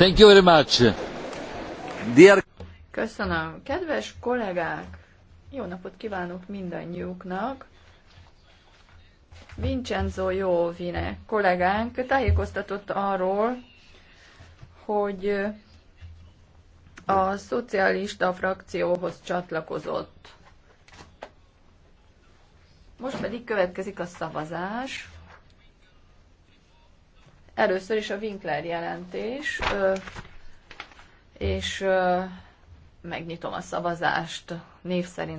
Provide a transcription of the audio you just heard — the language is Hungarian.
Thank you very much. Dear... Köszönöm. Kedves kollégák, jó napot kívánok mindannyiuknak. Vincenzo Jóvine kollégánk tájékoztatott arról, hogy a szocialista frakcióhoz csatlakozott. Most pedig következik a szavazás. Először is a Winkler jelentés, és megnyitom a szavazást név szerint.